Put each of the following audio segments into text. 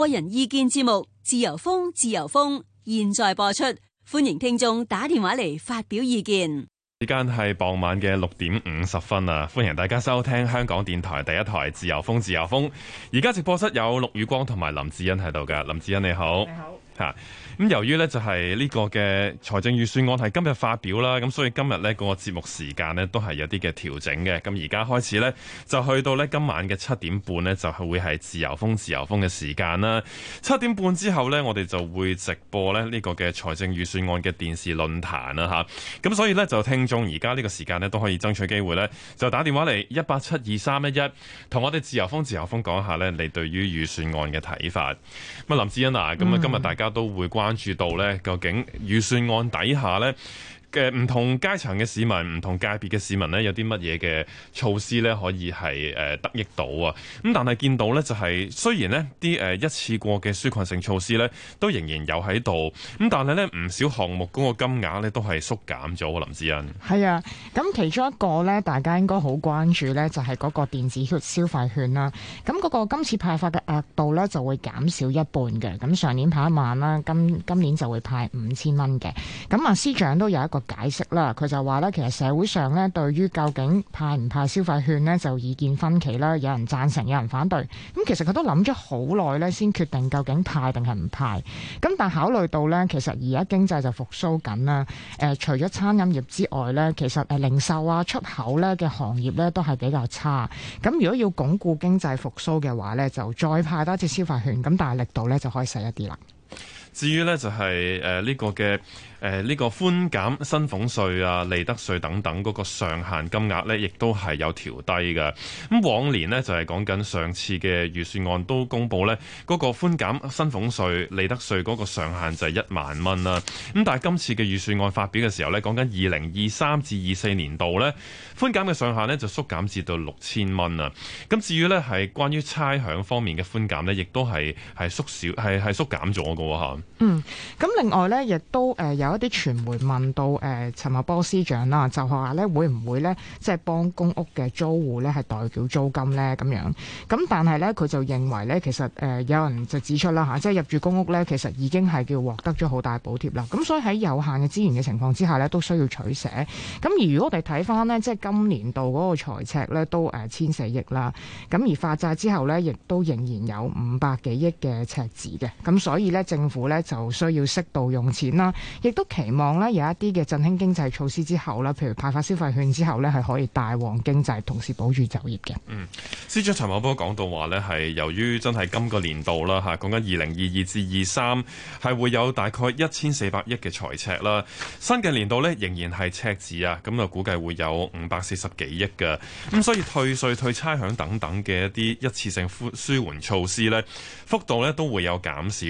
個人意見節目《自由風》，自由風，現在播出，歡迎聽眾打電話嚟發表意見。時間係傍晚嘅六點五十分啊！歡迎大家收聽香港電台第一台《自由風》，自由風。而家直播室有陸宇光同埋林志恩喺度噶。林志恩你好，你好吓。咁由於呢就係呢個嘅財政預算案係今日發表啦，咁所以今日呢個節目時間呢都係有啲嘅調整嘅。咁而家開始呢，就去到呢今晚嘅七點半呢，就係會係自由風自由風嘅時間啦。七點半之後呢，我哋就會直播呢個嘅財政預算案嘅電視論壇啦吓，咁所以呢，就聽眾而家呢個時間呢都可以爭取機會呢，就打電話嚟一八七二三一一同我哋自由風自由風講下呢，你對於預算案嘅睇法。咁啊林志欣啊，咁啊今日大家都會關。關注到呢，究竟預算案底下呢嘅唔同階層嘅市民，唔同界別嘅市民咧，有啲乜嘢嘅措施咧，可以係誒得益到啊？咁但係見到咧、就是，就係雖然咧啲誒一次過嘅舒困性措施咧，都仍然有喺度，咁但係咧唔少項目嗰個金額咧都係縮減咗。李鎮強係啊，咁其中一個咧，大家應該好關注咧，就係嗰個電子消費券啦。咁嗰個今次派發嘅額度咧就會減少一半嘅。咁上年派一萬啦，今今年就會派五千蚊嘅。咁啊，司長都有一個解釋啦，佢就話咧，其實社會上咧對於究竟派唔派消費券咧就意見分歧啦，有人贊成，有人反對。咁其實佢都諗咗好耐咧，先決定究竟派定係唔派。咁但考慮到咧，其實而家經濟就復甦緊啦。誒、呃，除咗餐飲業之外咧，其實誒零售啊、出口咧嘅行業咧都係比較差。咁如果要鞏固經濟復甦嘅話咧，就再派多一次消費券。咁但係力度咧就可以細一啲啦。至於呢，就係誒呢個嘅誒呢個寬減薪俸稅啊、利得稅等等嗰個上限金額呢，亦都係有調低㗎。咁、嗯、往年呢，就係、是、講緊上次嘅預算案都公佈呢嗰、那個寬減薪俸稅、利得稅嗰個上限就係一萬蚊啦、啊。咁、嗯、但係今次嘅預算案發表嘅時候呢，講緊二零二三至二四年度呢，寬減嘅上限呢就縮減至到六千蚊啊。咁、嗯、至於呢，係關於差餉方面嘅寬減呢，亦都係縮小係縮減咗㗎喎。嗯，咁另外咧，亦都、呃、有一啲傳媒問到誒陳茂波司長啦，就話咧會唔會咧即係幫公屋嘅租戶咧係代繳租金咧咁樣，咁但係咧佢就認為咧其實誒、呃、有人就指出啦、啊、即係入住公屋咧其實已經係叫獲得咗好大補貼啦，咁所以喺有限嘅資源嘅情況之下咧都需要取捨。咁而如果我哋睇翻咧，即係今年度嗰個財赤咧都誒、呃、千四億啦，咁而發債之後咧亦都仍然有五百幾億嘅赤字嘅，咁所以咧政府呢咧就需要適度用錢啦，亦都期望咧有一啲嘅振興經濟措施之後啦，譬如派發消費券之後咧，係可以大旺經濟，同時保住就業嘅。嗯，司長陳茂波講到話呢係由於真係今個年，年度啦嚇，講緊二零二二至二三係會有大概一千四百億嘅財赤啦，新嘅年度呢，仍然係赤字啊，咁啊，估計會有五百四十幾億嘅，咁所以退稅、退差餉等等嘅一啲一次性舒緩措施呢，幅度呢都會有減少，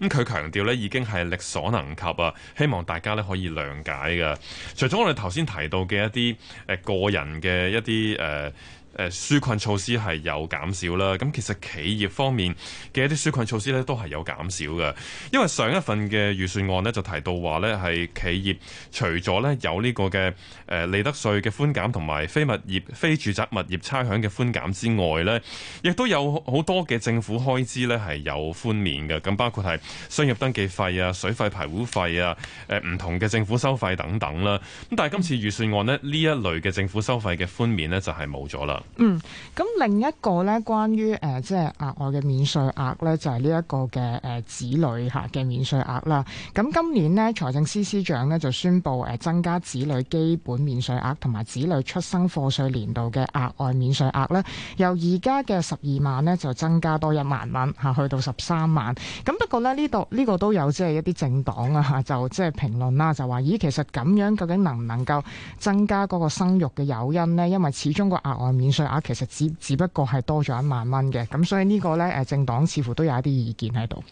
咁佢強強調咧已經係力所能及啊，希望大家咧可以諒解嘅。除咗我哋頭先提到嘅一啲誒、呃、個人嘅一啲誒。呃誒紓困措施係有減少啦，咁其實企業方面嘅一啲紓困措施呢都係有減少嘅，因為上一份嘅預算案呢，就提到話呢，係企業除咗呢有呢個嘅誒利得稅嘅寬減同埋非物業非住宅物業差餉嘅寬減之外呢，亦都有好多嘅政府開支呢係有寬免嘅，咁包括係商業登記費啊、水費排污費啊、唔同嘅政府收費等等啦。咁但係今次預算案呢，呢一類嘅政府收費嘅寬免呢，就係冇咗啦。嗯，咁另一個咧，關於誒，即係額外嘅免稅額咧，就係呢一個嘅誒子女吓嘅免稅額啦。咁今年咧，財政司司長咧就宣布誒，增加子女基本免稅額同埋子女出生課稅年度嘅額外免稅額咧。由而家嘅十二萬咧，就增加多一萬蚊吓，去到十三萬。咁不過咧，呢度呢個都有即係一啲政黨啊吓，就即係評論啦，就話咦，其實咁樣究竟能唔能夠增加嗰個生育嘅誘因咧？因為始終個額外免稅額其實只只不過係多咗一萬蚊嘅，咁所以呢個呢，誒政黨似乎都有一啲意見喺度。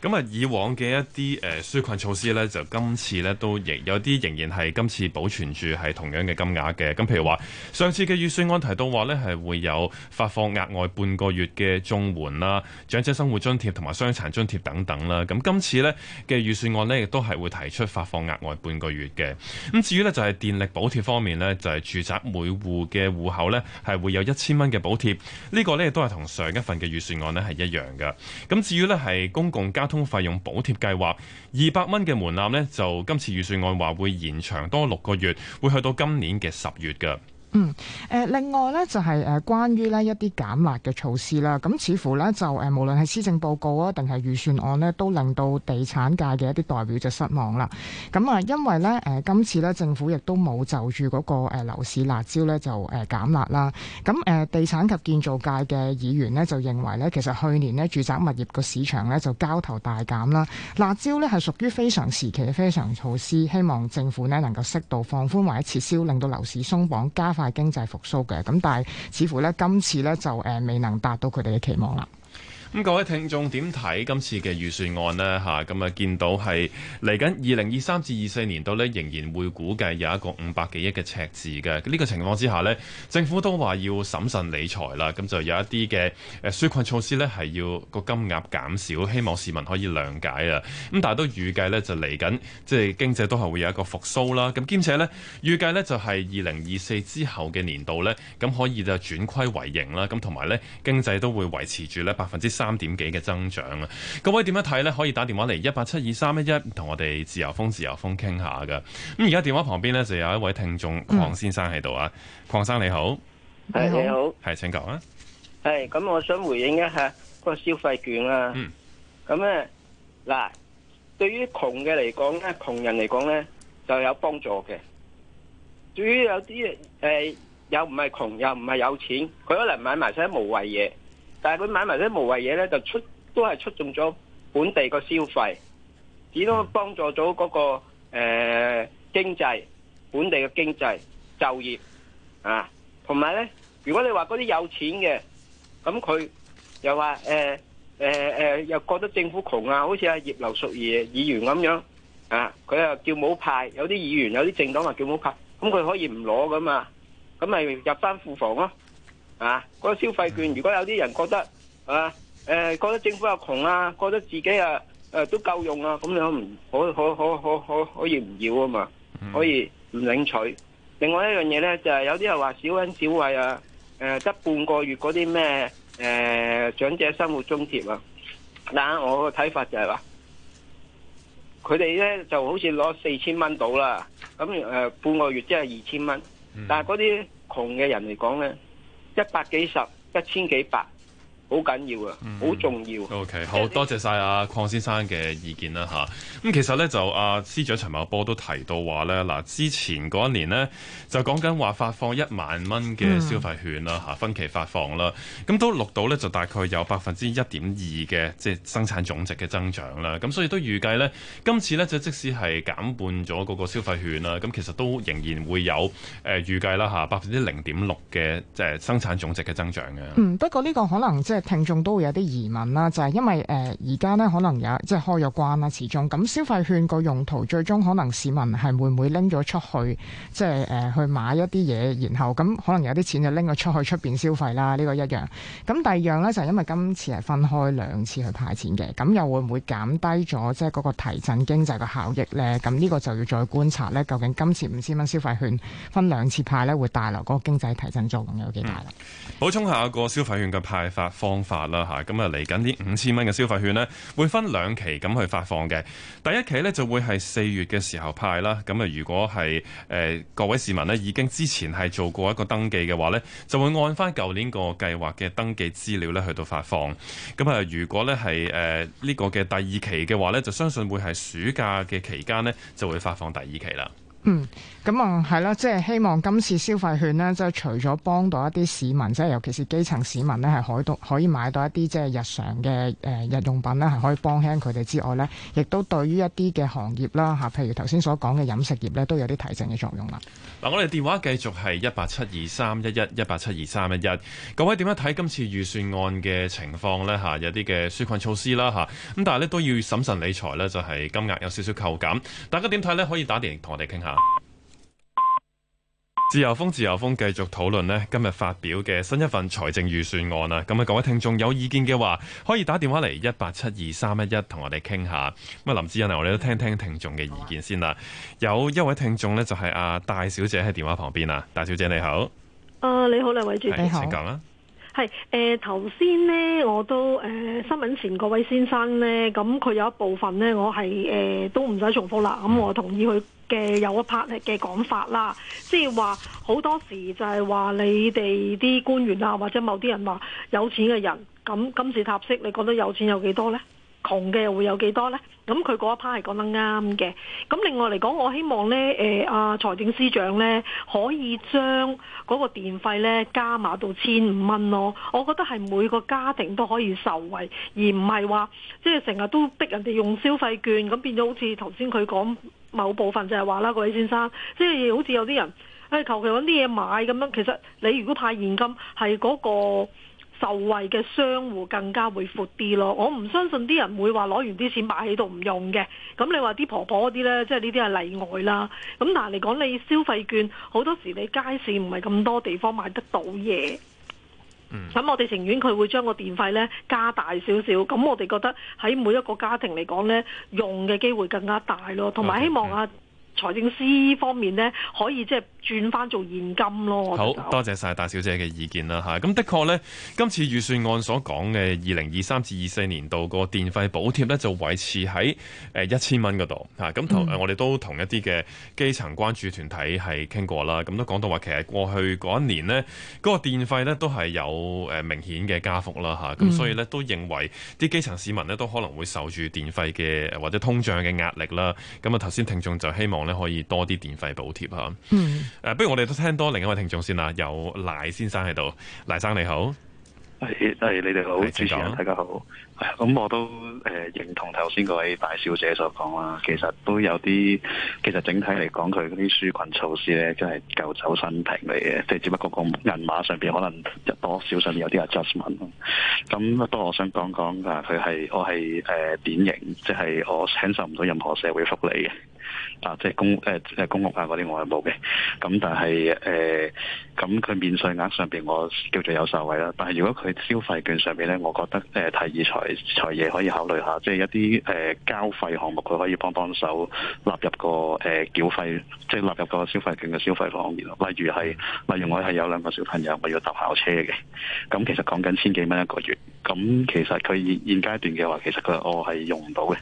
咁啊，以往嘅一啲誒紓困措施咧，就今次咧都仍有啲仍然係今次保存住係同樣嘅金額嘅。咁譬如話上次嘅預算案提到話咧，係會有發放額外半個月嘅綜援啦、長者生活津貼同埋傷殘津貼等等啦。咁今次咧嘅預算案咧，亦都係會提出發放額外半個月嘅。咁至於咧就係電力補貼方面咧，就係住宅每戶嘅戶口咧係會有一千蚊嘅補貼，呢個咧亦都係同上一份嘅預算案咧係一樣嘅。咁至於咧係公共交通費用補貼計劃二百蚊嘅門檻呢，就今次預算案話會延長多六個月，會去到今年嘅十月㗎。嗯，誒，另外咧，就係誒，關於咧一啲減辣嘅措施啦，咁似乎呢就誒，無論係施政報告啊，定係預算案咧，都令到地產界嘅一啲代表就失望啦。咁啊，因為呢誒，今次咧政府亦都冇就住嗰個誒樓市辣招咧就誒減辣啦。咁誒，地產及建造界嘅議員咧就認為呢，其實去年咧住宅物業個市場咧就交投大減啦。辣招咧係屬於非常時期嘅非常措施，希望政府咧能夠適度放寬或者撤銷，令到樓市鬆綁加快經濟復甦嘅咁，但係似乎咧今次咧就誒未能達到佢哋嘅期望啦。咁各位聽眾點睇今次嘅預算案呢？嚇，咁啊見到係嚟緊二零二三至二四年度呢，仍然會估計有一個五百幾億嘅赤字嘅。呢個情況之下呢，政府都話要審慎理財啦，咁就有一啲嘅誒紓困措施呢，係要個金額減少，希望市民可以諒解啊。咁但係都預計呢，就嚟緊即係經濟都係會有一個復甦啦。咁兼且呢，預計呢，就係二零二四之後嘅年度呢，咁可以就轉虧為盈啦。咁同埋呢，經濟都會維持住呢百分之三點幾嘅增長啊！各位點樣睇咧？可以打電話嚟一八七二三一一，同我哋自由風自由風傾下噶。咁而家電話旁邊咧就有一位聽眾鄺、嗯、先生喺度啊，鄺生你好，係、嗯、你好，係請講啊。係咁，我想回應一下個消費券啦、啊。嗯。咁咧嗱，對於窮嘅嚟講咧，窮人嚟講咧就有幫助嘅。對於有啲誒又唔係窮又唔係有錢，佢可能買埋晒啲無謂嘢。但係佢買埋啲無謂嘢咧，就出都係出中咗本地個消費，只都幫助咗嗰、那個誒、呃、經濟本地嘅經濟就業啊，同埋咧，如果你話嗰啲有錢嘅，咁佢又話誒誒又覺得政府窮啊，好似阿葉劉淑儀議員咁樣啊，佢又叫冇派，有啲議員有啲政黨話叫冇派，咁佢可以唔攞噶嘛，咁咪入返庫房咯。啊！嗰個消費券，如果有啲人覺得啊，誒、呃、覺得政府又窮啊，覺得自己啊誒、呃、都夠用啊，咁樣唔可可可可可可以唔要啊嘛，可以唔領取。另外一樣嘢咧，就係、是、有啲人話小恩小惠啊，誒、呃、得半個月嗰啲咩誒長者生活津貼啊。嗱，我個睇法就係、是、話，佢哋咧就好似攞四千蚊到啦，咁誒、呃、半個月即係二千蚊，但係嗰啲窮嘅人嚟講咧。一百幾十，一千幾百。好緊要啊，好重要。重要 OK，好多謝晒阿鄺先生嘅意見啦，吓、啊、咁其實咧就阿、啊、司長陳茂波都提到話咧嗱，之前嗰一年呢，就講緊話發放一萬蚊嘅消費券啦，吓、啊、分期發放啦，咁、啊、都錄到咧就大概有百分之一點二嘅即係生產總值嘅增長啦，咁、啊、所以都預計咧今次咧就即使係減半咗嗰個消費券啦，咁、啊、其實都仍然會有誒預計啦吓百分之零點六嘅即係生產總值嘅增長嘅。嗯，不過呢個可能即係。聽眾都會有啲疑問啦，就係、是、因為誒而家呢，可能有即係開咗關啦。始終咁消費券個用途最終可能市民係會唔會拎咗出去，即係誒、呃、去買一啲嘢，然後咁可能有啲錢就拎咗出去出邊消費啦。呢、這個一樣。咁第二樣呢，就係、是、因為今次係分開兩次去派錢嘅，咁又會唔會減低咗即係嗰個提振經濟嘅效益呢？咁呢個就要再觀察呢。究竟今次五千蚊消費券分兩次派呢，會帶來嗰個經濟提振作用有幾大啦、嗯？補充下個消費券嘅派發方法啦，吓，咁啊，嚟緊啲五千蚊嘅消費券呢，會分兩期咁去發放嘅。第一期呢，就會係四月嘅時候派啦。咁啊，如果係、呃、各位市民呢，已經之前係做過一個登記嘅話呢，就會按翻舊年個計劃嘅登記資料呢去到發放。咁啊，如果呢係呢個嘅第二期嘅話呢，就相信會係暑假嘅期間呢，就會發放第二期啦。嗯，咁啊係啦，即、嗯、係希望今次消費券呢，即係除咗幫到一啲市民，即係尤其是基層市民呢，係可到可以買到一啲即係日常嘅誒日用品呢，係可以幫輕佢哋之外呢，亦都對於一啲嘅行業啦，吓，譬如頭先所講嘅飲食業呢，都有啲提振嘅作用啦。嗱，我哋電話繼續係一八七二三一一一八七二三一一，各位點樣睇今次預算案嘅情況呢？吓，有啲嘅紓困措施啦，吓，咁但係呢，都要審慎理財呢，就係、是、金額有少少扣減。大家點睇呢？可以打電話同我哋傾下。自由風，自由風繼討論，繼續討論呢今日發表嘅新一份財政預算案啊。咁啊，各位聽眾有意見嘅話，可以打電話嚟一八七二三一一，同我哋傾下。咁啊，林志恩啊，我哋都聽聽聽眾嘅意見先啦。啊、有一位聽眾呢，就係、是、大小姐喺電話旁邊啊。大小姐你好，uh, 你好，你好你，你好，請講啦。係，誒，頭先咧，我都，誒、呃，新聞前嗰位先生咧，咁佢有一部分咧，我係，誒、呃，都唔使重複啦，咁我同意佢嘅有一 part 嘅講法啦，即係話好多時就係話你哋啲官員啊，或者某啲人話有錢嘅人，咁金字塔式你覺得有錢有幾多咧？同嘅又會有幾多呢？咁佢嗰一 part 係講得啱嘅。咁另外嚟講，我希望呢，誒、欸阿、財政司長呢，可以將嗰個電費呢加碼到千五蚊咯。我覺得係每個家庭都可以受惠，而唔係話即係成日都逼人哋用消費券，咁變咗好似頭先佢講某部分就係話啦，各位先生，即係好似有啲人誒求其揾啲嘢買咁樣。其實你如果派現金係嗰個。受惠嘅商戶更加會闊啲咯，我唔相信啲人會話攞完啲錢擺喺度唔用嘅，咁你話啲婆婆啲呢？即係呢啲係例外啦。咁嗱嚟講，你消費券好多時你街市唔係咁多地方買得到嘢，嗯，咁我哋情願佢會將個電費呢加大少少，咁我哋覺得喺每一個家庭嚟講呢，用嘅機會更加大咯，同埋希望阿、啊。財政司方面呢，可以即係轉翻做現金咯。好就多謝晒大小姐嘅意見啦，嚇，咁的確呢今次預算案所講嘅二零二三至二四年度，個電費補貼呢就維持喺誒一千蚊嗰度嚇。咁同我哋都同一啲嘅基層關注團體係傾過啦。咁都講到話，其實過去嗰一年呢，嗰、個電費呢都係有誒明顯嘅加幅啦嚇。咁所以呢，都認為啲基層市民呢都可能會受住電費嘅或者通脹嘅壓力啦。咁啊頭先聽眾就希望，可以多啲電費補貼吓。誒、嗯啊，不如我哋都聽多另一位聽眾先啦。有賴先生喺度，賴生你好。係、哎哎、你哋好，主持人大家好。咁、嗯、我都誒、呃、認同頭先嗰位大小姐所講啦。其實都有啲，其實整體嚟講，佢嗰啲紓困措施咧，真係舊酒新瓶嚟嘅。即係只不過個銀碼上邊可能多少上面有啲 adjustment。咁不過我想講講，佢係我係誒、呃、典型，即、就、係、是、我享受唔到任何社會福利嘅。啊，即係公誒誒、呃、公屋啊，嗰啲我又冇嘅，咁但係誒，咁佢免稅額上邊我叫做有受惠啦。但係如果佢消費券上邊咧，我覺得誒、呃、提議財財爺可以考慮下，即係一啲誒、呃、交費項目佢可以幫幫手納入個誒繳費，即係納入個消費券嘅消費方面咯。例如係，例如我係有兩個小朋友，我要搭校車嘅，咁其實講緊千幾蚊一個月，咁其實佢現現階段嘅話，其實佢我係用唔到嘅。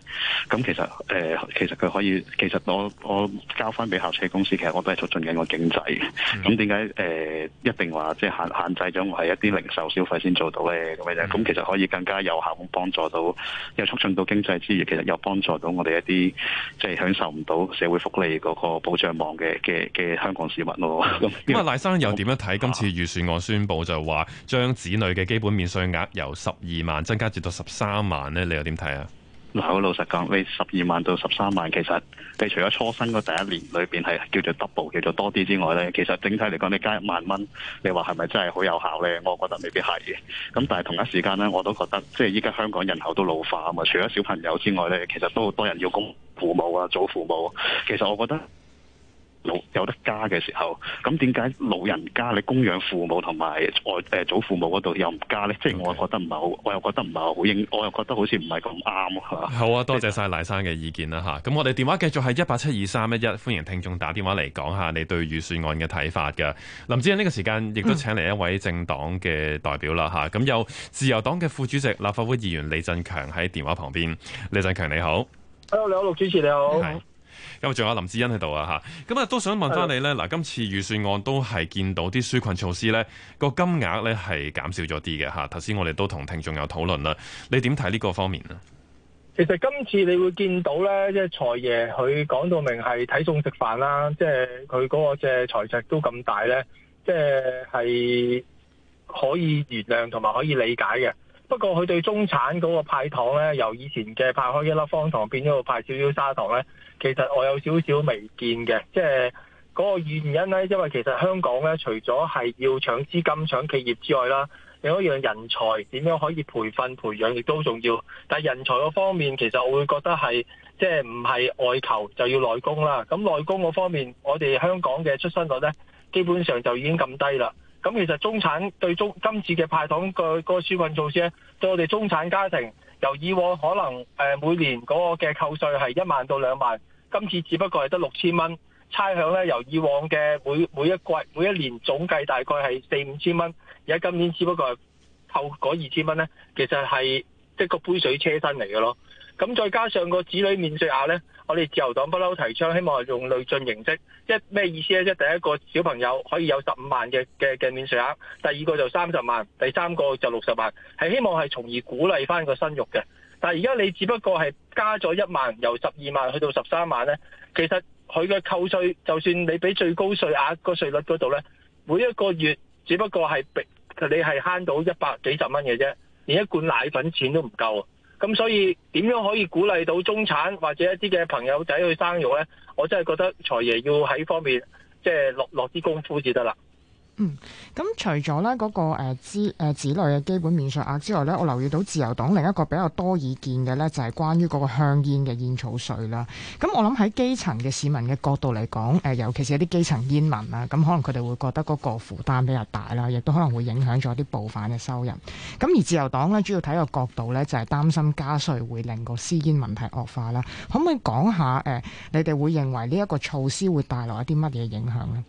咁其實誒、呃，其實佢可以，其實我。我交翻俾校車公司，其實我都係促進緊個經濟。咁點解誒一定話即係限限制咗我係一啲零售消費先做到咧？咁嘅咁其實可以更加有效咁幫助到，又促進到經濟之餘，其實又幫助到我哋一啲即係享受唔到社會福利嗰個保障網嘅嘅嘅香港市民咯。咁啊、嗯，賴生又點樣睇今次預算案宣布就話將、啊、子女嘅基本免稅額由十二萬增加至到十三萬咧？你又點睇啊？好老實講，你十二萬到十三萬，其實你除咗初生嗰第一年裏邊係叫做 double，叫做多啲之外呢，其實整體嚟講，你加一萬蚊，你話係咪真係好有效呢？我覺得未必係嘅。咁但係同一時間呢，我都覺得即係依家香港人口都老化啊嘛，除咗小朋友之外呢，其實都好多人要供父母啊，祖父母。其實我覺得。有得加嘅時候，咁點解老人家你供養父母同埋外祖父母嗰度又唔加呢？即係 Okay. 我又覺得唔係好，我又覺得唔係好應，我又覺得好似唔係咁啱，係嘛？好啊，實多謝晒賴生嘅意見啦嚇。咁我哋電話繼續係一八七二三一一，歡迎聽眾打電話嚟講下你對預算案嘅睇法嘅。林志恩呢個時間亦都請嚟一位政黨嘅代表啦嚇。咁、嗯、有自由黨嘅副主席立法會議員李鎮強喺電話旁邊。李鎮強你好，你好，Hello, 你好，陸主持你好。咁仲有林志恩喺度啊，吓咁啊，都想問翻你咧。嗱，今次預算案都係見到啲紓困措施咧，個金額咧係減少咗啲嘅吓，頭先我哋都同聽眾有討論啦，你點睇呢個方面咧？其實今次你會見到咧，即係財爺佢講到明係睇餸食飯啦，即係佢嗰個財赤都咁大咧，即係可以原諒同埋可以理解嘅。不過佢對中產嗰個派糖咧，由以前嘅派開一粒方糖，變咗個派少少砂糖咧，其實我有少少未見嘅，即係嗰個原因咧，因為其實香港咧，除咗係要搶資金、搶企業之外啦，另外一樣人才點樣可以培訓、培養亦都重要。但係人才嗰方面，其實我會覺得係即係唔係外求就要內功啦。咁內功嗰方面，我哋香港嘅出生率咧，基本上就已經咁低啦。咁其實中產對中今次嘅派糖個嗰個紓困措施咧，對我哋中產家庭，由以往可能每年嗰個嘅扣稅係一萬到兩萬，今次只不過係得六千蚊。差餉咧由以往嘅每每一季每一年總計大概係四五千蚊，而家今年只不過係扣嗰二千蚊咧，其實係即係個杯水車薪嚟嘅咯。咁再加上個子女免稅額呢，我哋自由黨不嬲提倡，希望係用累進形式，即咩意思呢？即第一個小朋友可以有十五萬嘅嘅嘅免稅額，第二個就三十萬，第三個就六十萬，係希望係從而鼓勵翻個生育嘅。但係而家你只不過係加咗一萬，由十二萬去到十三萬呢，其實佢嘅扣稅就算你俾最高稅額個稅率嗰度呢，每一個月只不過係俾你係慳到一百幾十蚊嘅啫，連一罐奶粉錢都唔夠。咁所以點樣可以鼓勵到中產或者一啲嘅朋友仔去生育咧？我真係覺得財爺要喺方面即係落落啲功夫至得啦。嗯，咁除咗咧嗰個誒，資誒子女嘅基本免稅額之外咧，我留意到自由黨另一個比較多意見嘅咧，就係關於嗰個香煙嘅煙草稅啦。咁我諗喺基層嘅市民嘅角度嚟講，誒，尤其是一啲基層煙民啦，咁可能佢哋會覺得嗰個負擔比較大啦，亦都可能會影響咗啲部分嘅收入。咁而自由黨咧，主要睇個角度咧，就係擔心加稅會令個私煙問題惡化啦。可唔可以講下誒，你哋會認為呢一個措施會帶來一啲乜嘢影響呢？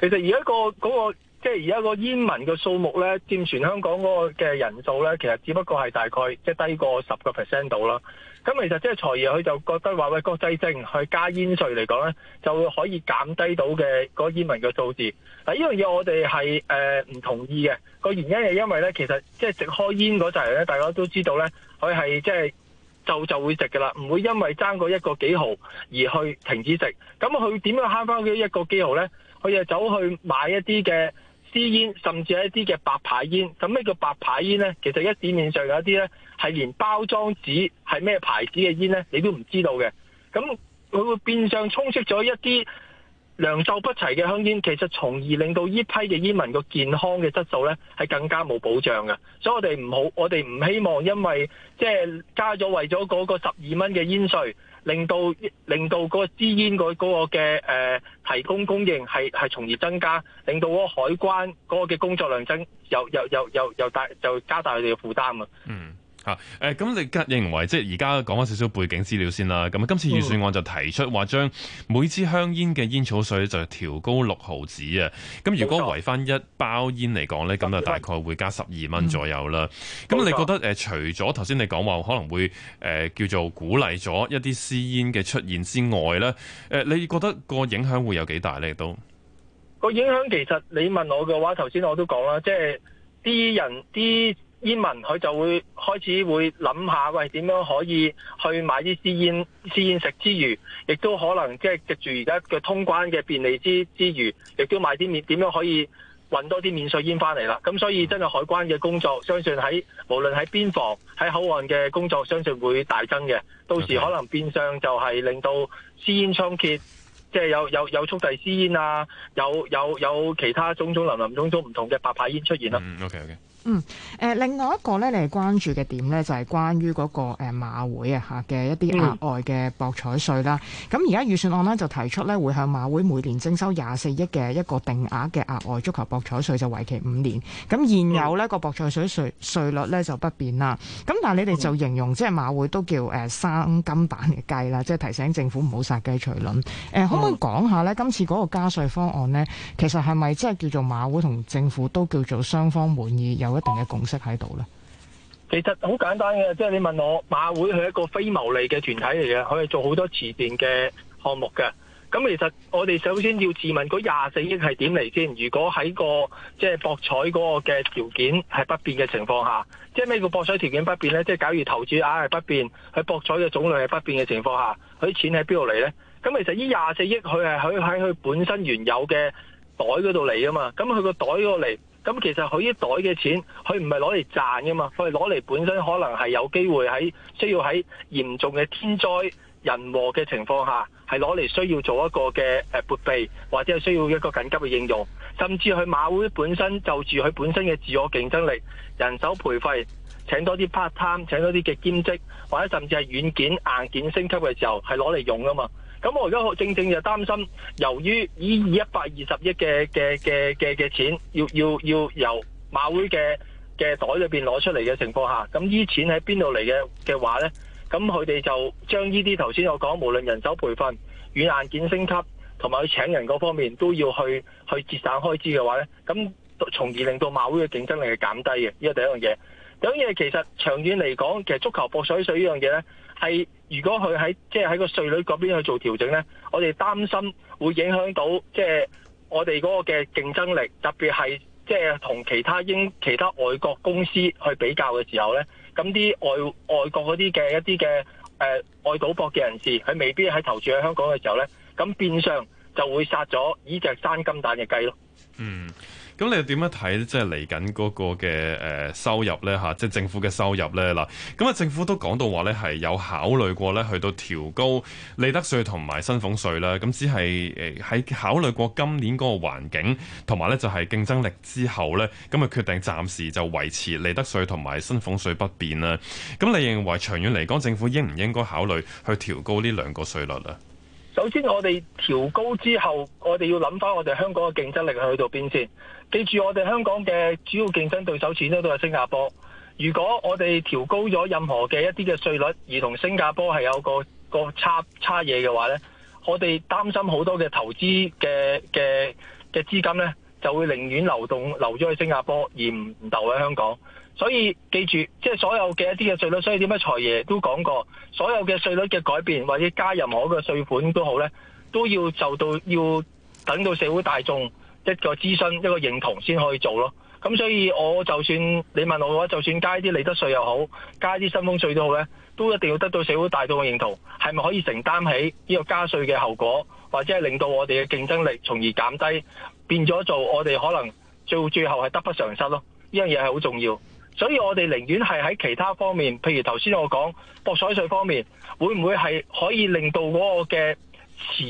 其實而家個個。即係而家個煙民嘅數目咧，佔全香港嗰個嘅人數咧，其實只不過係大概即係低過十個 percent 到啦。咁其實即係財爺佢就覺得話喂，國際性去加煙稅嚟講咧，就會可以減低到嘅個煙民嘅數字。嗱，呢樣嘢我哋係誒唔同意嘅。個原因係因為咧，其實即係食開煙嗰陣咧，大家都知道咧，佢係即係就就會食㗎啦，唔會因為爭嗰一個幾毫而去停止食。咁佢點樣慳翻嗰一個幾毫咧？佢就走去買一啲嘅。支煙甚至一啲嘅白牌煙，咁咩叫白牌煙呢？其實一市面上有一啲呢係連包裝紙係咩牌子嘅煙呢，你都唔知道嘅。咁佢會變相充斥咗一啲良莠不齊嘅香煙，其實從而令到呢批嘅煙民個健康嘅質素呢係更加冇保障嘅。所以我哋唔好，我哋唔希望因為即係加咗為咗嗰個十二蚊嘅煙稅。令到令到嗰支煙嗰個嘅誒、那個那個呃、提供供應係係從而增加，令到嗰個海關，嗰個嘅工作量增又又又又又大就加大佢哋嘅負擔啊！嗯。啊，咁你家認為，即係而家講翻少少背景資料先啦。咁今次預算案就提出話將每支香煙嘅煙草稅就調高六毫子啊。咁如果圍翻一包煙嚟講呢，咁就大概會加十二蚊左右啦。咁你覺得除咗頭先你講話可能會、呃、叫做鼓勵咗一啲私煙嘅出現之外呢、呃，你覺得個影響會有幾大呢？都個影響其實你問我嘅話，頭先我都講啦，即係啲人啲。煙民佢就會開始會諗下，喂，點樣可以去買啲私煙？私煙食之餘，亦都可能即係藉住而家嘅通關嘅便利之之餘，亦都買啲免點樣可以運多啲免稅煙翻嚟啦。咁所以真係海關嘅工作，相信喺無論喺邊防、喺口岸嘅工作，相信會大增嘅。到時可能變相就係令到私煙猖獗，即係有有有速遞私煙啊，有有有其他種種林林種種唔同嘅白牌煙出現啦。嗯，OK、OK。嗯，誒、呃，另外一個咧，你係關注嘅點咧，就係、是、關於嗰個誒馬會啊吓嘅一啲額外嘅博彩稅啦。咁而家預算案咧就提出咧，會向馬會每年徵收廿四億嘅一個定額嘅額外足球博彩稅，就為期五年。咁現有咧、嗯、個博彩稅稅稅率咧就不變啦。咁但係你哋就形容、嗯、即係馬會都叫誒、呃、生金蛋嘅計啦，即係提醒政府唔好殺雞取卵。誒、呃，可唔可以講下咧？嗯、今次嗰個加稅方案咧，其實係咪即係叫做馬會同政府都叫做雙方滿意有？一定嘅共識喺度咧。其實好簡單嘅，即係你問我馬會係一個非牟利嘅團體嚟嘅，可以做好多慈善嘅項目嘅。咁其實我哋首先要自問，嗰廿四億係點嚟先？如果喺個即係博彩嗰個嘅條件係不變嘅情況下，即係咩叫博彩條件不變咧？即係假如投注額係不變，佢博彩嘅種類係不變嘅情況下，佢錢喺邊度嚟咧？咁其實呢廿四億佢係佢喺佢本身原有嘅袋嗰度嚟啊嘛。咁佢個袋嗰度嚟。咁其實佢一袋嘅錢，佢唔係攞嚟賺㗎嘛，佢係攞嚟本身可能係有機會喺需要喺嚴重嘅天災人禍嘅情況下，係攞嚟需要做一個嘅誒撥備，或者係需要一個緊急嘅應用，甚至佢馬會本身就住佢本身嘅自我競爭力、人手培訓、請多啲 part time、請多啲嘅兼職，或者甚至係軟件硬件升級嘅時候係攞嚟用㗎嘛。咁我而家正正就擔心，由於依一百二十億嘅嘅嘅嘅嘅錢要，要要要由馬會嘅嘅袋裏面攞出嚟嘅情況下，咁依錢喺邊度嚟嘅嘅話咧，咁佢哋就將依啲頭先我講，無論人手培訓、軟硬件升級，同埋去請人嗰方面，都要去去節省開支嘅話咧，咁從而令到馬會嘅競爭力係減低嘅，呢個第一樣嘢。第二樣嘢其實長遠嚟講，其實足球博水水呢樣嘢咧係。如果佢喺即係喺個稅率嗰邊去做調整咧，我哋擔心會影響到即係、就是、我哋嗰個嘅競爭力，特別係即係同其他英其他外國公司去比較嘅時候咧，咁啲外外國嗰啲嘅一啲嘅誒外賭博嘅人士，佢未必喺投注喺香港嘅時候咧，咁變相。就會殺咗呢隻生金蛋嘅雞咯。嗯，咁你點樣睇？即係嚟緊嗰個嘅、呃、收入呢？即係政府嘅收入呢？嗱。咁啊，政府都講到話呢係有考慮過呢去到調高利得稅同埋薪俸稅啦。咁只係喺、呃、考慮過今年嗰個環境同埋呢，就係競爭力之後呢，咁啊決定暫時就維持利得稅同埋薪俸稅不變啦。咁你認為長遠嚟講，政府應唔應該考慮去調高呢兩個稅率啊？首先，我哋調高之後，我哋要諗翻我哋香港嘅競爭力去到邊先。記住，我哋香港嘅主要競爭對手始終都係新加坡。如果我哋調高咗任何嘅一啲嘅稅率，而同新加坡係有個個差差嘢嘅話咧，我哋擔心好多嘅投資嘅嘅嘅資金咧，就會寧願流動留咗去新加坡，而唔留喺香港。所以記住，即係所有嘅一啲嘅稅率，所以點解財爺都講過，所有嘅稅率嘅改變或者加任何嘅稅款都好咧，都要就到要等到社會大眾一個諮詢一個認同先可以做咯。咁所以我就算你問我嘅話，就算加一啲利得稅又好，加一啲薪俸稅都好咧，都一定要得到社會大眾嘅認同，係咪可以承擔起呢個加稅嘅後果，或者係令到我哋嘅競爭力從而減低變咗做我哋可能做最後係得不償失咯？呢樣嘢係好重要。所以我哋寧願係喺其他方面，譬如頭先我講博彩稅方面，會唔會係可以令到嗰個嘅池，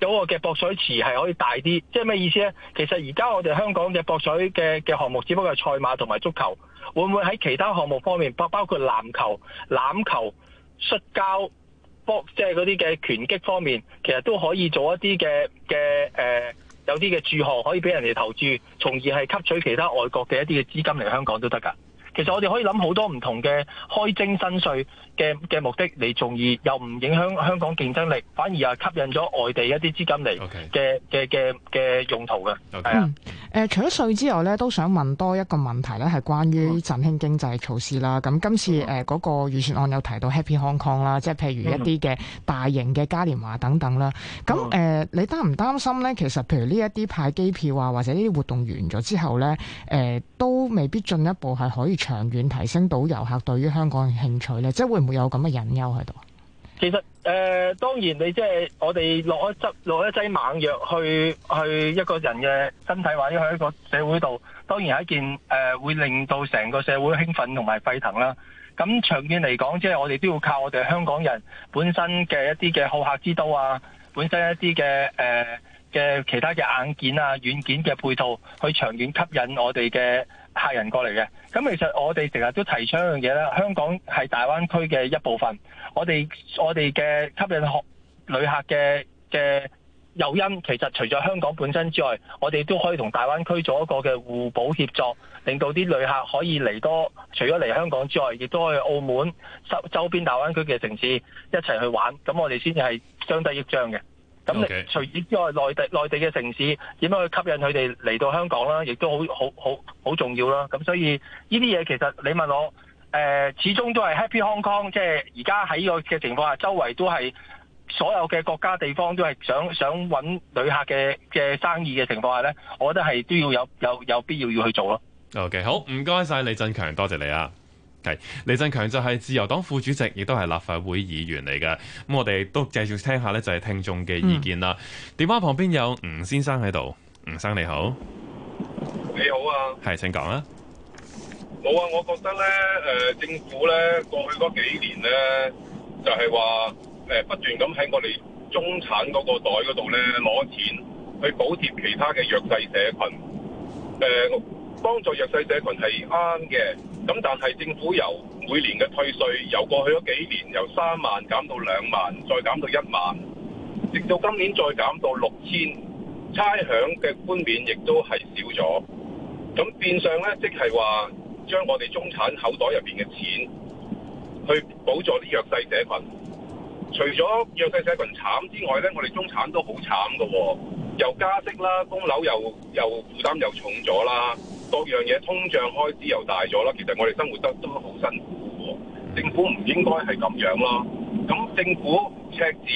嗰個嘅博彩池係可以大啲？即係咩意思咧？其實而家我哋香港嘅博彩嘅嘅項目只不過係賽馬同埋足球，會唔會喺其他項目方面包包括籃球、欖球、摔跤、搏即係嗰啲嘅拳擊方面，其實都可以做一啲嘅嘅誒，有啲嘅注項可以俾人哋投注，從而係吸取其他外國嘅一啲嘅資金嚟香港都得噶。其實我哋可以諗好多唔同嘅開徵新稅嘅嘅目的嚟，從而又唔影響香港競爭力，反而又吸引咗外地一啲資金嚟嘅嘅嘅嘅用途嘅。啊 Okay.、嗯呃，除咗稅之外咧，都想問多一個問題咧，係關於振興經濟措施啦。咁今次誒嗰 Okay.、呃那個預算案有提到 Happy Hong Kong 啦，即係譬如一啲嘅大型嘅嘉年華等等啦。咁誒 Okay.、呃，你擔唔擔心咧？其實譬如呢一啲派機票啊，或者呢啲活動完咗之後咧，誒、呃、都未必進一步係可以。長遠提升到遊客對於香港嘅興趣咧，即係會唔會有咁嘅隱憂喺度？其實誒、呃，當然你即係我哋落一劑落一劑猛藥去去一個人嘅身體，或者去一個社會度，當然係一件誒、呃、會令到成個社會興奮同埋沸騰啦。咁長遠嚟講，即、就、係、是、我哋都要靠我哋香港人本身嘅一啲嘅好客之都啊，本身一啲嘅誒。呃嘅其他嘅硬件啊、軟件嘅配套，去長遠吸引我哋嘅客人過嚟嘅。咁其實我哋成日都提倡一樣嘢咧，香港係大灣區嘅一部分。我哋我哋嘅吸引客旅客嘅嘅誘因，其實除咗香港本身之外，我哋都可以同大灣區做一個嘅互補協作，令到啲旅客可以嚟多，除咗嚟香港之外，亦都可以去澳門周周邊大灣區嘅城市一齊去玩。咁我哋先至係相得益彰嘅。咁 Okay. 除此之外，內地內地嘅城市點樣去吸引佢哋嚟到香港啦？亦都好好好好重要啦。咁所以呢啲嘢其實你問我誒、呃，始終都係 Happy Hong Kong，即係而家喺呢個嘅情況下，周圍都係所有嘅國家地方都係想想搵旅客嘅嘅生意嘅情況下咧，我覺得係都要有有有必要要去做咯。OK，好唔該晒，謝謝李鎮強，多謝你啊！李鎮強就係自由黨副主席，亦都係立法會議員嚟嘅。咁我哋都繼續聽下呢就係聽眾嘅意見啦。電話、嗯、旁邊有吳先生喺度，吳生你好，你好啊，係，請講啊。冇啊，我覺得呢誒、呃，政府呢過去嗰幾年呢，就係話誒，不斷咁喺我哋中產嗰個袋嗰度呢攞錢去補貼其他嘅弱勢社群。誒、呃。幫助弱勢社群係啱嘅，咁但係政府由每年嘅退稅，由過去咗幾年由三萬減到兩萬，再減到一萬，直到今年再減到六千，差餉嘅寬免亦都係少咗。咁變相呢，即係話將我哋中產口袋入面嘅錢去補助啲弱勢社群。除咗弱勢社群慘之外呢我哋中產都好慘㗎喎，又加息啦，供樓又又負擔又重咗啦，各樣嘢，通脹開支又大咗啦。其實我哋生活得都好辛苦喎，政府唔應該係咁樣咯。咁政府赤字，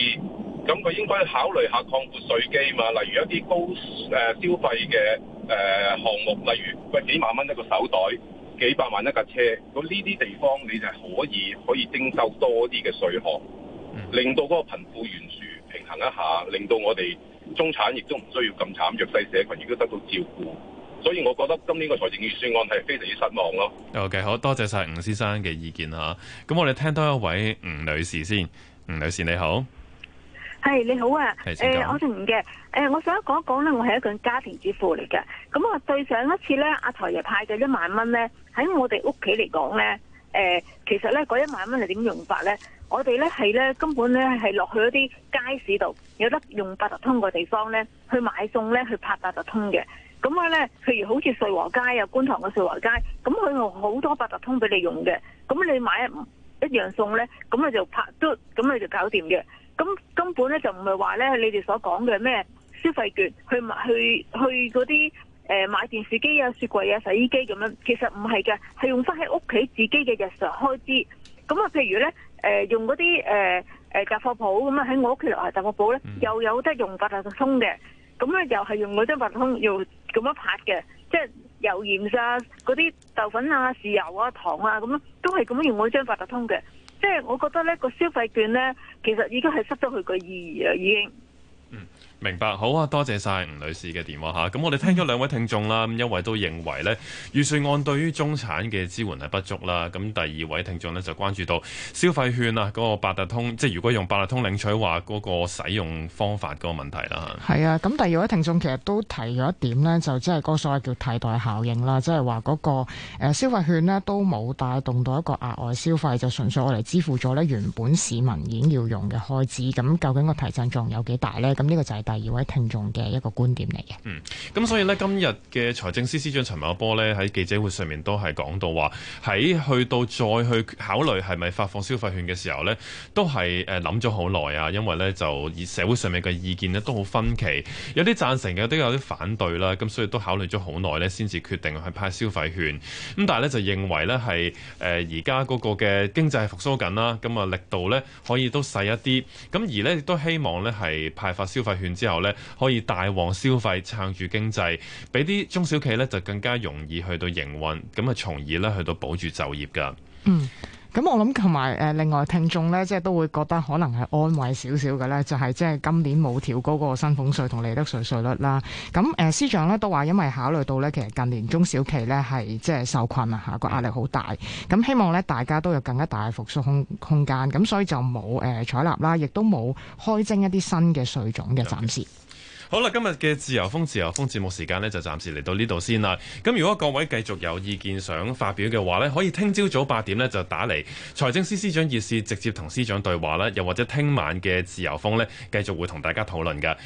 咁佢應該考慮一下擴闊稅基嘛。例如一啲高消費嘅誒項目，例如喂幾萬蚊一個手袋，幾百萬一架車，咁呢啲地方你就可以可以徵收多啲嘅稅項。令到嗰個貧富懸殊平衡一下，令到我哋中產亦都唔需要咁慘，弱勢社群亦都得到照顧。所以，我覺得今年個財政預算案係非常之失望咯。OK，好多謝晒吳先生嘅意見嚇。咁我哋聽多一位吳女士先。吳女士你好，係你好啊。誒，我姓吳嘅。誒，我想講一講咧，我係一個家庭主婦嚟嘅。咁啊，對上一次咧，阿台爺派嘅一萬蚊咧，喺我哋屋企嚟講咧，誒，其實咧嗰一萬蚊係點用法咧？我哋咧係咧根本咧係落去一啲街市度，有得用八達通個地方咧去買餸咧去拍八達通嘅。咁啊咧，譬如好似瑞和街啊、觀塘嘅瑞和街，咁佢用好多八達通俾你用嘅。咁、嗯、你買一樣餸咧，咁、嗯、你就拍都咁你就搞掂嘅。咁、嗯、根本咧就唔係話咧你哋所講嘅咩消費券去去去嗰啲誒買電視機啊、雪櫃啊、洗衣機咁樣，其實唔係嘅，係用翻喺屋企自己嘅日常開支。咁、嗯、啊，譬如咧。誒、呃，用嗰啲誒誒雜貨鋪咁啊，喺、呃呃、我屋企樓下雜貨鋪咧，又有得用八達通嘅，咁咧又係用嗰張八達通用咁樣拍嘅，即係油鹽啊、嗰啲豆粉啊、豉油啊、糖啊咁咯，都係咁樣用嗰張八達通嘅，即係我覺得咧個消費券咧，其實已經係失咗佢個意義啊，已經。明白，好啊，多謝晒吳女士嘅電話嚇。咁我哋聽咗兩位聽眾啦，咁一位都認為呢預算案對於中產嘅支援係不足啦。咁第二位聽眾呢就關注到消費券啊，嗰個八達通，即係如果用八達通領取話，嗰個使用方法嗰個問題啦嚇。係啊，咁第二位聽眾其實都提咗一點呢，就即係嗰個所謂叫替代效應啦，即係話嗰個誒消費券呢都冇帶動到一個額外消費，就純粹我哋支付咗呢原本市民已經要用嘅開支。咁究竟個提振作用有幾大呢？咁呢個就係第二位聽眾嘅一個觀點嚟嘅。嗯，咁所以呢，今日嘅財政司司長陳茂波呢，喺記者會上面都係講到話，喺去到再去考慮係咪發放消費券嘅時候呢，都係誒諗咗好耐啊，因為呢，就以社會上面嘅意見呢都好分歧，有啲贊成嘅都有啲反對啦，咁所以都考慮咗好耐呢，先至決定去派消費券。咁但係呢，就認為呢係誒而家嗰個嘅經濟係復甦緊啦，咁啊力度呢可以都細一啲，咁而呢，亦都希望呢係派發消費券。之後呢，可以大旺消費，撐住經濟，俾啲中小企呢就更加容易去到營運，咁啊，從而呢去到保住就業㗎。嗯。咁我諗同埋另外聽眾咧，即係都會覺得可能係安慰少少嘅咧，就係即係今年冇調高個薪俸稅同利得稅稅率啦。咁誒、呃、司長咧都話，因為考慮到咧，其實近年中小企咧係即係受困啊嚇，個壓力好大。咁希望咧大家都有更加大嘅復甦空空間。咁所以就冇誒、呃、採納啦，亦都冇開徵一啲新嘅稅種嘅暫時。Okay. 好啦，今日嘅自由風自由風節目時間呢，就暫時嚟到呢度先啦。咁如果各位繼續有意見想發表嘅話呢，可以聽朝早八點呢就打嚟財政司司長熱線，直接同司長對話啦。又或者聽晚嘅自由風呢，繼續會同大家討論㗎。